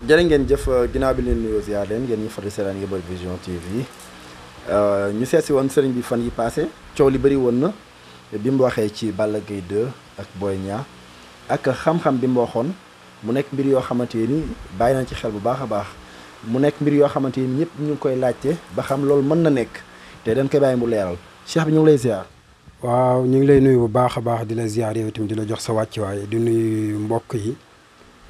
jërë ngeen jëf euh, ginnaaw bi leen nuyoo ziar leen ngeen ñu fari seetaan Yeumbeul Vision TV euh, ñu seet woon sëriñ bi fan yi passé coow li bëri woon na bi mu waxee ci Balla Gaye 2 ak Boy Niang ak xam-xam bi mu mu nekk mbir yoo xamante ni bàyyi na ci xel bu baax a baax mu nekk mbir yoo xamante ni ñëpp ñu ngi koy laajte ba xam loolu mën na nekk te dan koy bàyyi mu leeral cheikh bi ñu ngi lay ziar. waaw ñu ngi lay nuyu bu baax a baax di la ziar yow tamit di jox sa wàccuwaay di nuyu mbokk yi.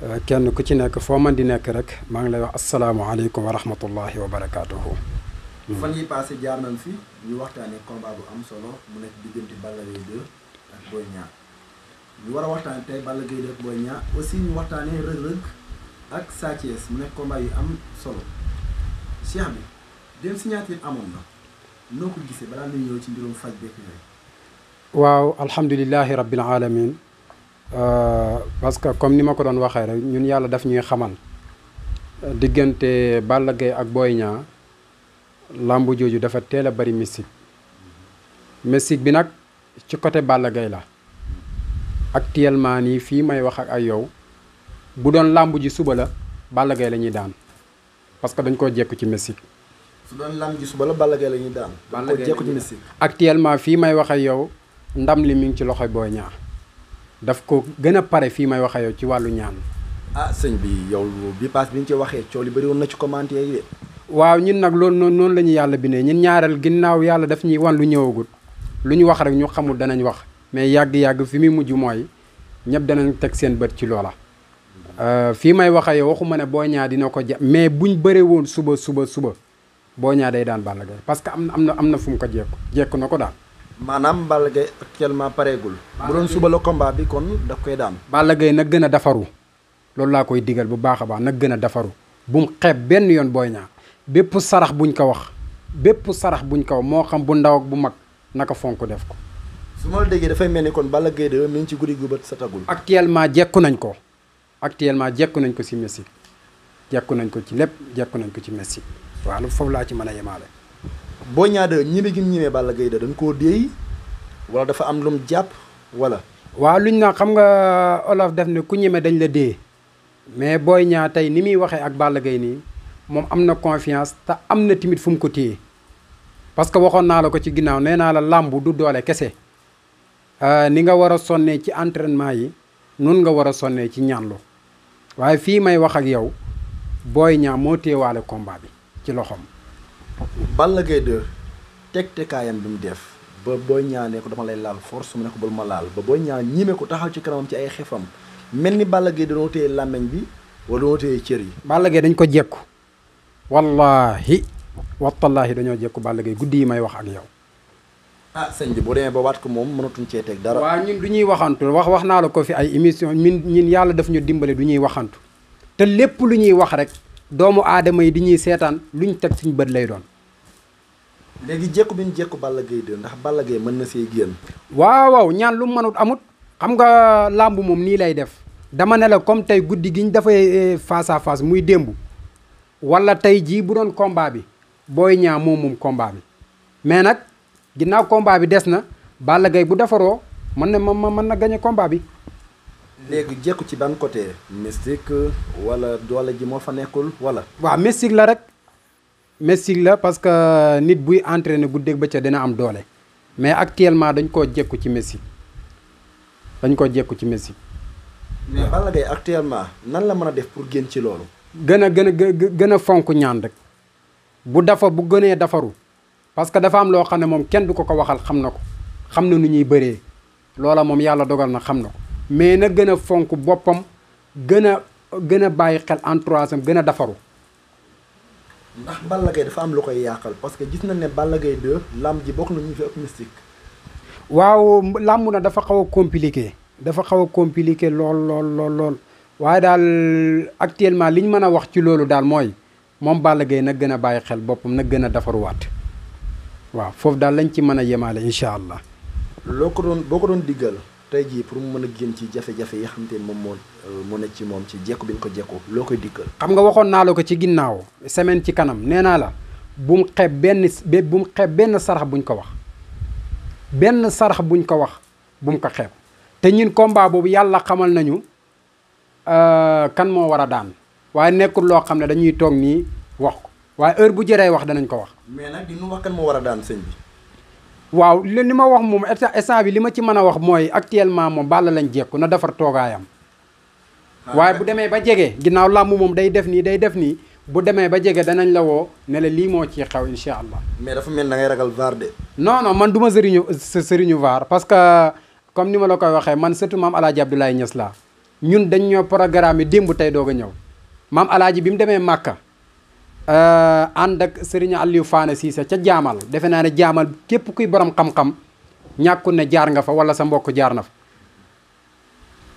Euh, kenn ku ci nekk foo man di nekk rek maa ngi lay wax asalaamaaleykum wa rahmatullahi wa barakaatuhu. Hmm. fan yi passé jaar nañ fi ñu waxtaanee combat bu am solo mu nekk diggante Balla Gaye 2 ak Boy Niang ñu war a waxtaanee tey Balla Gaye 2 ak Boy Niang aussi ñu waxtaanee Reug Reug ak Sa Thiès mu nekk combat yu am solo Cheikh bi dem signature amoon na noo ko gisee balaa ñuy ñëw ci mbirum faj beeg waaw alhamdulilahi rabbil alamin Euh, parce que comme ni ma ko doon waxee rek ñun yàlla daf ñuy xamal euh, diggante Balla Gaye ak Boy ñaa làmb jooju dafa teel a bari mystique mystique bi nag ci côté Balla Gaye la actuellement nii fii may wax ak ay yow bu doon làmb ji suba la Balla Gaye la ñuy daan parce que dañ koo jekku ci mystique. su doon làmb ji suba la Balla Gaye la ñuy daan. dañ koo jekku ci mystique. actuellement fii may wax ak yow ndam li mi ngi ci loxoy Boy Niang daf ko gën a pare fii may wax yow ci wàllu ñaan. ah sëñ bi yow bi paas bi ñu ci waxee coow li bëri woon na ci commentaire yi de. waaw ñun nag loolu noonu noonu la ñu yàlla bindee ñun ñaareel ginnaaw yàlla daf ñuy wan lu ñëwagut lu ñu wax rek ñu xamul danañ wax mais yàgg-yàgg fi muy mujj mooy ñëpp danañ teg seen bët ci loola. Euh, fii may wax yow waxuma ne boo ñaar dina ko ja mais buñ bëree woon suba suba suba boo ñaa day daan Balla Gaye parce que am na am na am na fu mu ko jekku jekku na ko daal. maanaam Balla Gaye actuellement pareegul. bu doon suba la combat bi kon daf koy daan. Balla Gaye nag gën a defaru loolu laa koy digal bu baax a baax nag gën a defaru bu mu xeeb benn yoon booy ñaa bépp sarax buñ ko wax bépp sarax buñ ko wax moo xam bu ndaw ak bu mag naka fonk def ko. su ma déggee dafay mel ni kon Balla Gaye de ngi ci guddi gu bët sa actuellement jekku nañ ko actuellement jekku nañ ko si Messi jekku nañ ko ci lépp jekku nañ ko ci Messi waaw lu foofu laa ci mën a yemaale. Boy Niang 2 ñime gi mu ñime Balla Gaye 2 dañ koo déey wala dafa am lum jàpp wala. waaw luñ naa xam nga olof def ne ku ñime dañ la dee mais booy Niang tey ni muy waxee ak Balla Gaye nii moom am na confiance te am na timit fu mu ko téye parce que waxoon naa la ko ci ginnaaw nee naa la làmb du doole kese euh, ni nga war a sonnee ci entraînement yi nun nga war a sonnee ci ñaanlu waaye fii may wax ak yow booy Niang moo téewaale combat bi ci loxoom. Balla Gaye 2 tegtekaayam bi mu def ba booy ñaanee ko dama lay laal force mu ne ko bul ma laal ba booy ñaar ñime ko taxaw ci kanamam ci ay xefam mel ni Balla Gaye dañoo téye làmmeñ bi wala dañoo téye yi. Balla Gaye dañ ko jekku wallaahi watallaahi dañoo jekku Balla Gaye guddi yi may wax ak yow. ah sëñ bi boo demee ba waat ko moom mënatuñ cee teg dara. waaw ñun du ñuy waxantu wax wax naa la ko fi ay émission ñun ñun yàlla daf ñu dimbali du ñuy waxantu te lépp lu ñuy wax rek. doomu aadama yi di ñuy seetaan lu ñu teg suñ bët lay doon. léegi jékku bi ñu jékku Balla Gaye 2 ndax Balla Gaye mën na see génn. waaw waaw ñaan lu mu mënut amut xam nga làmb moom nii lay def dama ne la comme tey guddi gi ñu dafay eh, face à muy démb wala tey jii bu doon combat bi booy ñaa moom moom combat bi mais nag ginnaaw combat bi des na Balla Gaye bu defaroo mën na mën na gañe combat bi. léegi jekku ci ban côté mystique wala doole ji moo fa nekkul wala. waaw mystique la rek mystique la parce que nit buy entraîné ba ca dina am doole mais actuellement dañ koo jekku ci mystique dañ koo jekku ci mystique. actuellement nan la mën a def pour génn ci loolu. gën a gën a gën a fonk ñaan rek bu dafa bu gënee dafaru parce que dafa am loo xam ne moom kenn du ko ko waxal xam na ko xam na nu ñuy bëree loola moom yàlla dogal na xam na ko. mais na gën a fonk boppam gën a gën a bàyyi xel entourage am gën a dafaru ndax Balla Gaye dafa am lu koy yàqal parce que gis nañ ne Balla Gaye 2 làmb ji bokk na ñu fi ëpp mystique. waaw làmb na dafa xaw a compliqué dafa xaw a compliqué lool lool lool waaye daal actuellement li ñu mën a wax ci loolu daal mooy moom Balla Gaye na gën a bàyyi xel boppam nag gën a defaruwaat waaw foofu daal lañ ci mën a yemaale incha allah. loo ko doon boo ko doon diggal. tey jii pour mu mën a génn ci jafe-jafe yi xam moom moo euh, moo ne ci moom ci jekku bi ñu ko jekku loo koy dikkal xam nga waxoon naa la ko ci ginnaaw semaine ci kanam nee naa la bu mu xeeb benn bu xeeb benn sarax buñ ko wax benn sarax buñ ko wax bu mu ko xeeb te ñun combat boobu yàlla xamal nañu euh, kan moo war a daan waaye nekkul loo xam ne dañuy toog nii wax ko waaye heure bu jëree wax danañ ko wax mais nag di ñu wax kan moo war daan sëñ waaw li ma wax moom instant bi li ma ci mën a wax mooy actuellement moom Balla lañ jekku na defar toogaayam ah, waaye bu demee ba jege ginnaaw làmb moom day def nii day def nii bu demee ba jege danañ la woo ne la lii moo ci xew insha allah mais dafa mel na ngay ragal vaar de non non man du ma sëriñu sëriñu vaar parce que comme ni ma la koy waxee man surtout maam alaaji Abdoulaye Niass la ñun dañ ñoo programme yi démb tey doog a ñëw maam alaaji bi mu demee Màkka Euh, ànd ak sëriñ Aliou Fane Cissé ca jaamal defe naa ne jaamal képp kuy borom xam-xam ñàkkul ne jaar nga fa wala sa mbokk jaar na fa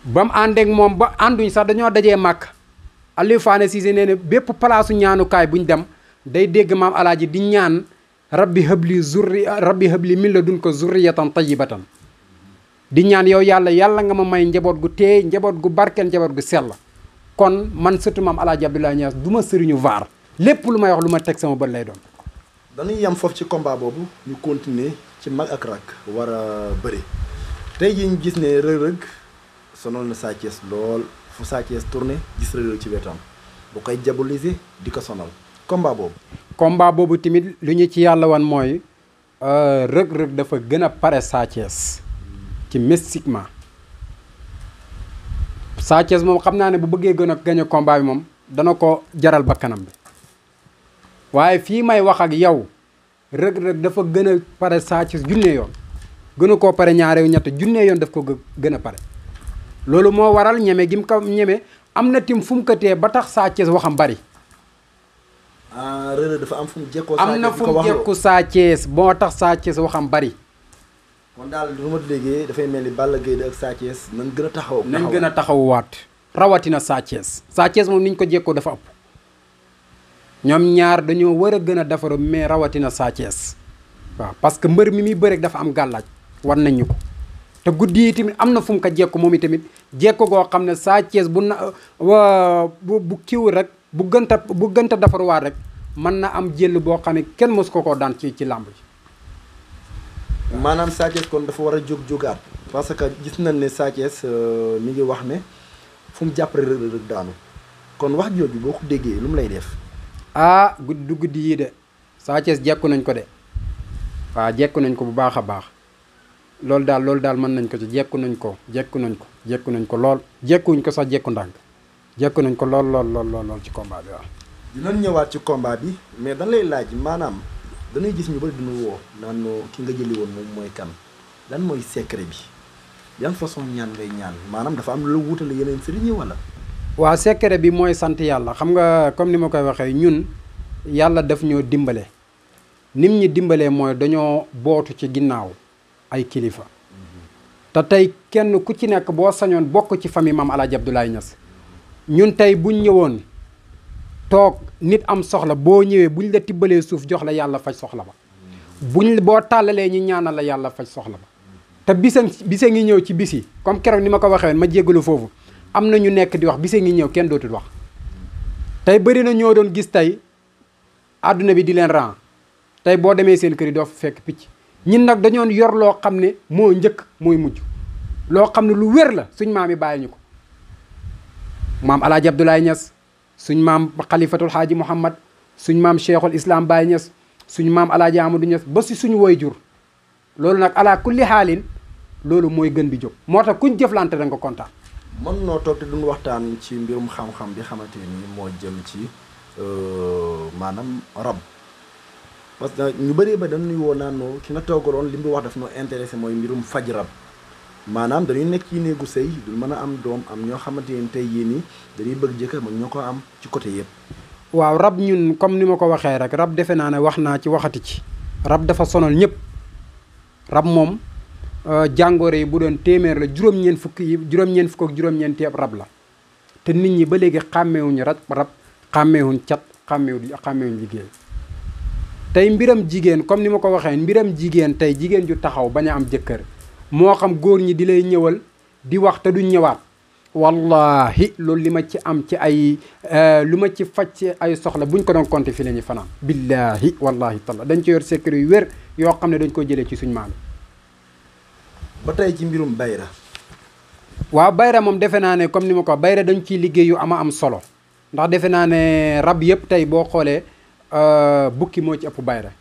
ba mu ànd moom ba ànduñ sax dañoo dajee màkk Aliou Fane nee ne bépp palaasu ñaanukaay buñ dem day dégg maam alaaji di ñaan rabbi habli zurri rabbi habli min ladunka zurriyatan tayyibatan di ñaan yow yàlla yàlla nga ma may njaboot gu teey njaboot gu barkeel njaboot gu sell kon man surtout maam alaaji Abdoulaye du ma sëriñu vaar lépp lu may wax lu ma teg sama bët lay doon. dañuy yem foofu ci kombaa boobu ñu continuer ci mag ak rak war a bëri tey jii ñu gis ne rëg-rëg sonal na Sa lool fu Sa Thiès tourné gis rëg ci wetam bu koy diaboliser di ko sonal combat boobu. combat boobu tamit lu ñu ci yàlla wan mooy euh, rëg-rëg dafa gën a pare Sa ci mystiquement Sa Thiès moom xam naa ne bu bëggee gën a gañe combat bi moom dana ko jaral ba kanam bi. waaye fii may wax ak yow rëg-rëg dafa gën a pare saa ci junne yoon a koo pare ñaare ñett junne yoon daf ko gën a pare loolu moo waral ñeme gi mu ko ñeme am na tim fu mu ko ba tax saa Thiès waxam bari ah, rëg dafa am fu mu jekkoo am na fu mu jekku saa Thiès moo tax saa Thiès waxam bari kon daal lu ma déggee dafay mel ni Balla Gaye ak Sa Thiès nañ gën a taxaw nañ gën a taxawuwaat rawatina Sa Thiès Sa Thiès moom ni ñu ko jekkoo dafa ëpp ñoom ñaar dañoo war a gën a defaru mais rawatina Sa waaw parce que mbër mi muy bëreek dafa am gàllaaj war nañu ko te guddi yi tamit am na fu mu ko jekku moom itamit jekku goo xam ne Sa Thiès bu na bu kiiwul rek bu gënta bu gënta defaruwaat rek mën na am jël boo xam ne kenn mosu ko ko daan ci ci làmb ji maanaam Sa kon dafa war a jóg jógaat parce que gis nañ ne Sa Thiès euh, mi ngi wax ne fu mu jàppale rek daanu kon wax jooju boo ko déggee lu mu lay def ah guddi du guddi yii de Sa Thiès jekku nañ ko de waaw jekku nañ ko bu baax a baax loolu daal loolu daal mën nañ ko ci jekku nañ ko jekku nañ ko jekku nañ ko lool jekkuñ ko sax jekku ndànk jekku nañ ko lool lool lool lool ci combat bi waaw. dinañ ñëwaat ci combat bi mais dañ lay laaj maanaam danay gis ñu bari duñu woo naan ki nga jëli woon moom mooy kan lan mooy secret bi yan façon ñaan ngay ñaan maanaam dafa am lu wutale yeneen sëriñ yi wala. waaw secret bi mooy sant yàlla xam nga comme ni ma koy waxee ñun yàlla daf ñoo dimbale nit ñi dimbalee mooy dañoo bootu ci ginnaaw ay kilifa te tey kenn ku ci nekk boo sañoon bokk ci famille maam El du Abdoulaye ñas ñun tey buñ ñëwoon toog nit am soxla boo ñëwee buñ la tibbalee suuf jox la yàlla faj soxla ba buñ boo tàllalee ñi ñaanal la yàlla faj soxla ba te bisam bise ngi ñëw ci bis yi comme keroog ni ma ko waxee ma jéggalu foofu am na ñu nekk di wax bise ngi ñëw kenn dootul wax tey bëri na ñoo doon gis tey àdduna bi di leen ran tey boo demee seen kër yi doo fekk picc ñun nag dañoo yor loo xam ne moo njëkk mooy mujj loo xam ne lu wér la suñ maam yi bàyyi ñu ko maam alaaji Abdoulaye Niass suñ maam xalifatul haaji Mouhamad suñ maam cheikhul islam Baye Niass suñ maam alaaji Amadou Niass ba si suñu woy jur loolu nag ala kulli xaalin loolu mooy gën bi jóg moo tax kuñ jëflante da nga ko kontaan mën noo toog te duñ waxtaan ci mbirum xam-xam bi xamante ni moo jëm ci euh, maanaam rab parce que ñu bëri ba dañuy woo naanoo ki nga toogaloon li mu wax daf noo intéressé mooy mbirum faj rab maanaam dañuy nekk ci néegu sëy du mën a am doom am ñoo xamante tey yéen nii dañuy bëgg jëkkër mën ñoo ko am ci côté yëpp. waaw rab ñun comme ni ma ko waxee rek rab defe naa ne wax naa ci waxati ci rab dafa sonal ñëpp rab moom. Euh, jàngoor yi bu doon téeméer la juróom-ñeent fukk yi juróom-ñeent fukk ak juróom-ñeent yëpp rab la te nit ñi ba léegi xàmmeewuñu rab rab xàmmeewuñ cat xàmmeewuñ xàmmeewuñ liggéey tey mbiram jigéen comme ni ma ko waxee mbiram jigéen tey jigéen ju taxaw bañ a am jëkkër moo xam góor ñi di lay ñëwal di wax te du ñëwaat wallahi loolu li ma ci am ci ay euh, lu ma ci faj ci ay soxla ñu ko doon compté fi la ñuy fanaan billaahi wallahi talla dañ ci yor secret yu wér yoo xam ne dañ ko jëlee ci suñ maam ba tey ci mbirum bayra waaw bayra moom defe naa ne comme ni ma ko bayra dañ ciy liggéeyu am ama am solo ndax defe naa ne rab yëpp tey boo xoolee euh, bukki moo ci ëpp bayra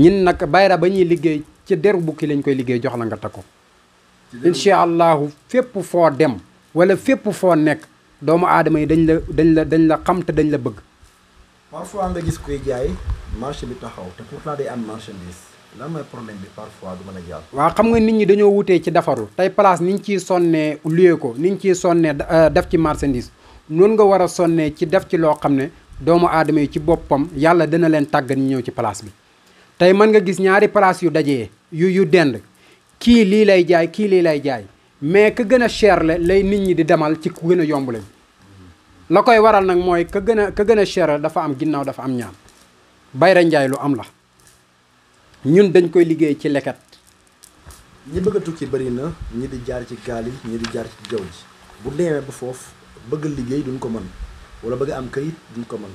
ñin nag bayra ba ñuy liggéey ci deru bukki lañ koy liggéey jox la nga takku incha allahu fépp foo dem wala fépp foo nekk doomu aadama yi dañ la dañ la dañ la xam te dañ la bëgg parfois nga gis kuy jaay marché bi taxaw te pourtant day lan problème bi a jàll. waaw xam nga nit ñi dañoo wutee ci defaru tey place ni ñu ciy sonnee luyee ko ni ñu ciy sonnee euh, def ci marchandise noonu nga war a sonnee ci def ci loo xam ne doomu aadama yi ci boppam yàlla dina leen tàggat ñëw ci place tey mën nga gis ñaari place yu dajee yu yu dend kii lii lay jaay kii lii lay jaay mais ka gën a cher lay nit ñi di demal ci ku gën a yomb lañ koy waral nag mooy ka gën a ka gën a cher dafa am ginnaaw dafa am ñaam Bayra Njaay lu am la. ñun dañ koy liggéey ci leket ñi bëgg a tukki bëri na ñi di jaar ci gaal yi ñi di jaar ci jaww bu demee ba foofu bëgg liggéey duñ ko mën wala bëgg am këyit duñ ko mën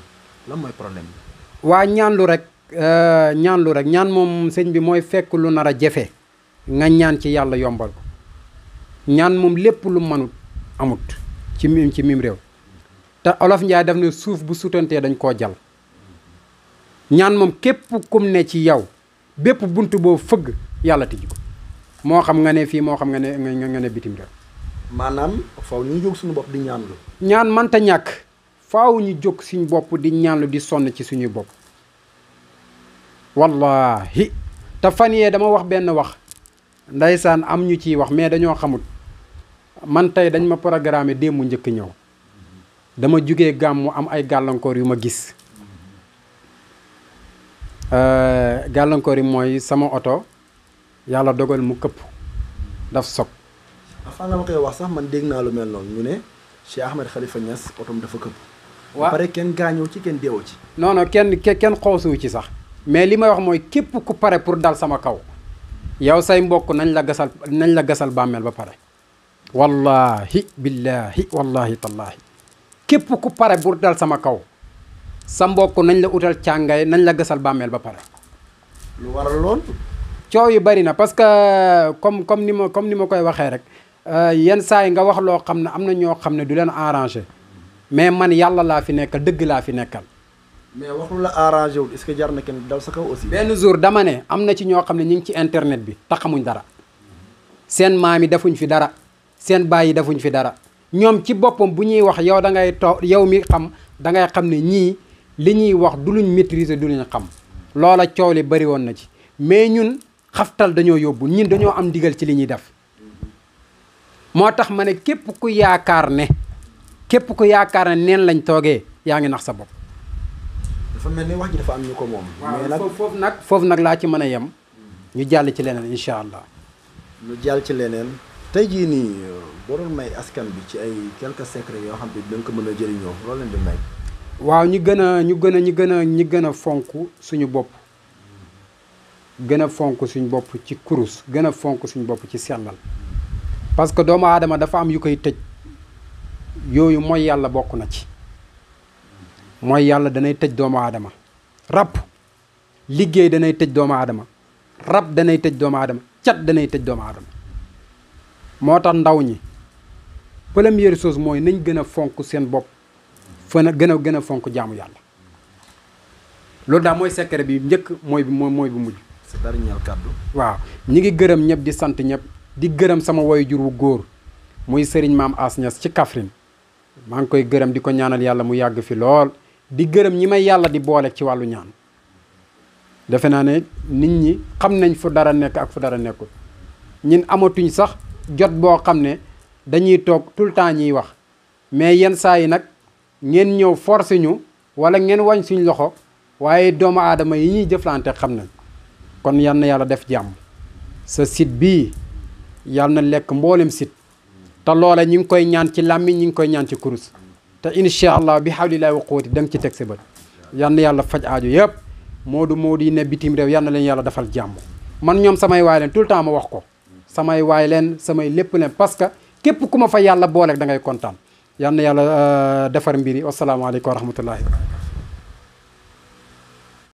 lan mooy problème bi. waa ñaanlu rek euh, ñaanlu rek ñaan moom sëñ bi mooy fekk lu nar a jafe nga ñaan ci yàlla yombal ko ñaan moom lépp lu mënut amut ci mim ci mim réew te olof Njaay daf ne suuf bu sutantee dañ koo jal ñaan moom képp kum ne ci yow. bépp bunt boo fëgg yàlla tijji ko moo xam nga ne fii moo xam nga ne nga ne bitim réew. maanaam faaw ñu jóg suñu bopp di ñaan mënta ñàkk faaw ñu jóg suñu bopp di ñaanlu di sonn ci suñuy bopp wallaahi te fan yee dama wax benn wax ndeysaan am ñu ciy wax mais dañoo xamut man tey dañ ma programme mu njëkk ñëw dama jugee gàmmu am ay gàllankoor yu ma gis. Euh, gàllankoor yi mooy sama oto yàlla dogal mu këpp daf sog afaan nga ma wax sax man dégg naa lu mel noonu ñu ne Cheikh Ahmed Khalifa oto otom dafa këpp waaw pare kenn gaañoo ci kenn deewoo ci non non kenn kenn xoosuwu ci sax mais li may wax mooy képp ku pare pour dal sama kaw yow say mbokk nañ la gasal nañ la gasal bàmmeel ba pare wallahi billahi wallahi tallahi képp ku pare pour dal sama kaw sa mbokk nañ la utal càngaay nañ la gësal bàmmeel ba pare. lu waral lool. coow yu bari na parce que comme comme ni ma comme ni ma koy waxee rek euh, yenn saa yi nga wax loo xam ne am na ñoo xam ne du leen arrangé mais man yàlla laa fi nekkal dëgg laa fi nekkal. mais wax la arrangé wul ce que jar na kenn dal aussi. benn jour dama am na ci ñoo xam ne ñu ngi ci internet bi taxamuñ dara seen maam yi defuñ fi dara seen baay yi defuñ fi dara ñoom ci boppam bu ñuy wax yow da ngay toog yow mi xam da ngay xam ne ñii. li ñuy wax du luñ maîtriser du luñ xam loola coow li bari woon na ci mais ñun xaftal dañoo yóbbu ñun dañoo am digal ci li ñuy def moo tax ma ne képp ku yaakaar ne képp ku yaakaar ne neen lañ toogee yaa ngi nax sa bopp. dafa mel ni wax ji dafa am ñu ko moom. mais nag foofu nag foofu nag laa ci mën a yem. ñu jàll ci leneen incha allah. ñu jàll ci leneen. te jii nii euh, boo doon may askan bi ci ay quelques secrets yoo xam ne dinañ ko mën a jëriñoo lool leen di may. waaw ñi gën a ñu gën a ñu gën a ñu gën a fonk suñu bopp gën a fonk suñu bopp ci kurus gën a fonk suñu bopp ci sellal parce que doomu aadama dafa am yu koy tëj yooyu mooy yàlla bokk na ci mooy yàlla danay tëj doomu aadama rab liggéey danay tëj doomu aadama rab danay tëj doomu aadama cat danay tëj doomu aadama moo tax ndaw ñi première chose mooy nañ gën a fonk seen bopp fa na gën gën a fonk jaamu yàlla loolu daal mooy secret bi njëkk mooy bi mooy bu mujj. sa dernier kàddu. waaw ñi ngi gërëm ñëpp di sant ñëpp di gërëm sama waajur wu góor muy sëriñ maam As Ñas ci Kaffrine maa ngi koy gërëm di ko ñaanal yàlla mu yàgg fi lool di gërëm ñi may yàlla di boole ci wàllu ñaan. defe naa ne nit ñi xam nañ fu dara nekk ak fu dara nekkul ñin amatuñ sax jot boo xam ne dañuy toog tout le temps ñuy wax mais yenn saa yi nag. ngeen ñëw force ñu wala ngeen wañ suñu loxo waaye doomu aadama yi ñuy jëflante xam nañ kon yal na yàlla def jàmm sa site bii yal na lekk mboolem site te loola ñu ngi koy ñaan ci làmmiñ ñi ngi koy ñaan ci kurus te incha allah bi hawlillahi wa quwwati da nga ci teg sa bët yal yàlla faj aajo yëpp du moo di ne bitim réew yal na leen yàlla defal jàmm man ñoom samay waay leen tout le temps ma wax ko samay waay leen samay lépp leen parce que képp ku ma fa yàlla booleeg da ngay kontaan yal na yàlla euh, defar mbir yi wasalaamaaleykum wa rahmatullahi